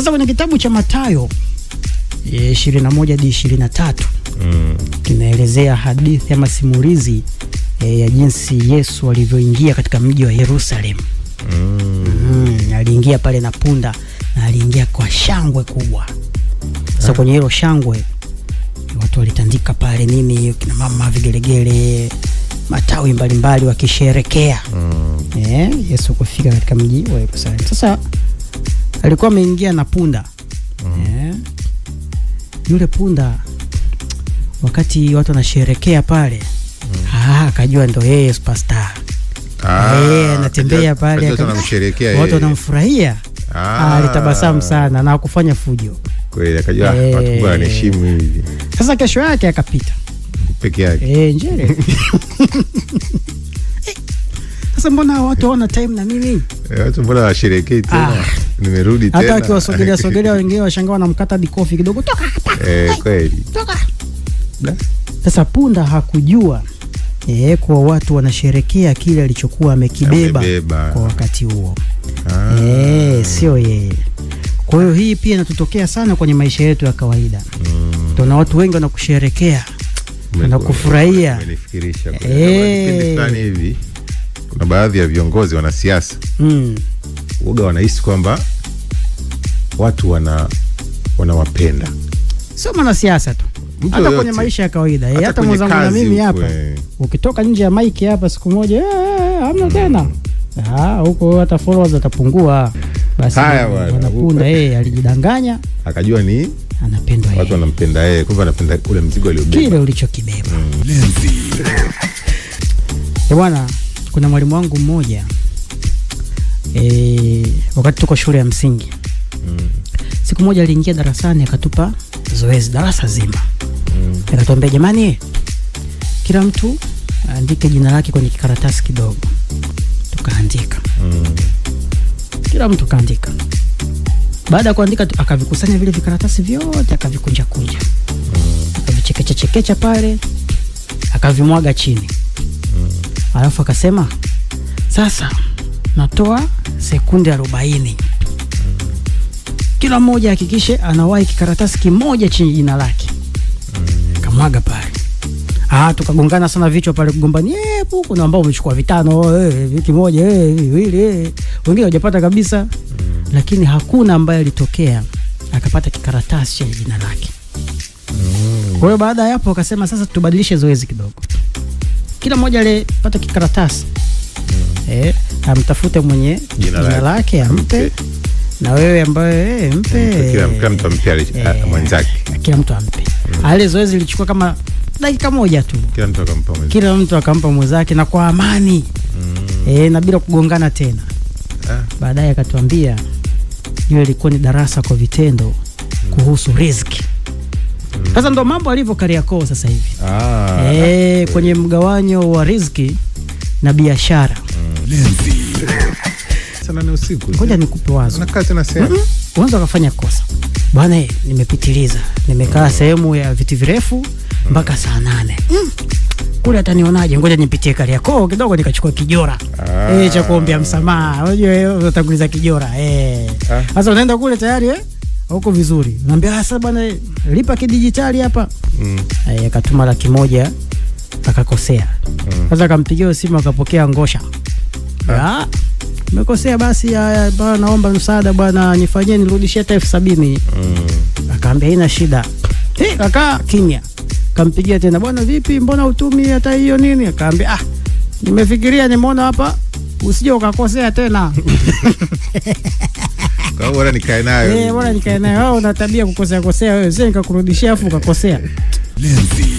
Sasa kwenye kitabu cha Mathayo e, moja hadi tatu mm. kinaelezea hadithi ama simulizi e, ya jinsi Yesu alivyoingia katika mji wa Yerusalemu. mm. Mm, aliingia pale na punda na aliingia kwa shangwe kubwa. Sasa ah. kwenye hilo shangwe watu walitandika pale nini, kina mama vigelegele, matawi mbalimbali wakisherekea mm. e, Yesu kufika katika mji wa Yerusalemu. Sasa alikuwa ameingia na punda mm. yeah. Yule punda wakati watu wanasherekea pale mm. Ah, akajua ndo yeye superstar ah, eh, anatembea pale, watu wanamfurahia, ah. alitabasamu sana na kufanya fujo kweli, akajua eh. watu wanaheshimu hivi. Sasa kesho yake akapita peke yake eh, Njere. Sasa mbona watu hawana time na mimi Eh, watu mbona washerekei tena? Ah, nimerudi tena. Hata akiwasogelea sogelea wengine washangaa wanamkata dikofi kidogo, toka Eh, kweli. Toka. Sasa punda hakujua eh, kwa watu wanasherekea kile alichokuwa amekibeba kwa wakati huo. Ah. Eh, sio yeye. Kwa hiyo hii pia inatutokea sana kwenye maisha yetu ya kawaida. Mm. Tuna watu wengi wanakusherekea, wanakufurahia. kwa eh. hivi kuna baadhi ya viongozi wanasiasa mm. uga wanahisi kwamba watu wana wanawapenda, sio mwanasiasa tu, hata kwenye maisha ya kawaida, eh, hata mwenzangu na mimi hapa, ukitoka nje ya maiki hapa siku moja eh, eh, hamna mm. tena ah, huko hata followers atapungua. Basi e, alijidanganya, akajua ni anapendwa, watu wanampenda yeye, kumbe anapenda ule mzigo aliokile ulichokibeba mm. bwana kuna mwalimu wangu mmoja e, wakati tuko shule ya msingi mm. siku moja aliingia darasani akatupa zoezi darasa zima mm. akatuambia, jamani, kila mtu aandike jina lake kwenye kikaratasi kidogo. Tukaandika mm. kila mtu kaandika. Baada ya kuandika akavikusanya vile vikaratasi vyote akavikunjakunja, mm. akavichekechachekecha pale akavimwaga chini alafu akasema sasa natoa sekunde arobaini kila mmoja hakikishe anawahi kikaratasi kimoja chenye jina lake. Kamwaga pale, ah, tukagongana sana vichwa pale, kugombani. Eh, kuna ambao umechukua vitano, eh, kimoja, eh, viwili, eh, wengine hawajapata kabisa, lakini hakuna ambaye alitokea akapata kikaratasi chenye jina lake. Kwa hiyo baada ya hapo akasema sasa tubadilishe zoezi kidogo kila mmoja alipata kikaratasi mm. eh, amtafute mwenye jina lake ampe na wewe ambaye eh, mpe mm, kila mtu ampe eh, mwenzake, kila mtu ampe mm. ale. Zoezi lilichukua kama dakika moja tu, kila mtu akampa mwenzake na kwa amani mm. eh, na bila kugongana tena ah. Baadaye akatuambia hiyo ilikuwa ni darasa kwa vitendo mm. kuhusu riziki sasa ndo mambo alivyo Kariakoo sasa hivi ah, e, kwenye mgawanyo wa riziki na biashara ngoja nikupe wazo, mm -hmm. ukafanya kosa bwana, eh, nimepitiliza, nimekaa mm. sehemu ya viti virefu mpaka mm. saa nane mm. Kule atanionaje? Ngoja nipitie Kariakoo kidogo nikachukua kijora ah, e, cha kuombea msamaha. Unajua hiyo utatanguliza kijora ah. sasa e. ah. Unaenda kule tayari eh? huko vizuri, naambia ah, sasa bwana, lipa kidijitali hapa mm. E, akatuma laki moja akakosea mm. sasa mm. Akampigia simu akapokea ngosha ah. ya mekosea basi, haya bwana, naomba msaada bwana, nifanyie nirudishie hata elfu sabini mm. Akaambia haina shida. Hey, eh, akaa kimya. Kampigia tena bwana, vipi, mbona utumi hata hiyo nini? Akaambia ah, nimefikiria nimeona hapa usije ukakosea tena Eh, bora nikae nayo eh, bora nikae nayo. Wao oh, una tabia kukosea kosea wewe, zenga kurudishia afu ukakosea. Lenzi.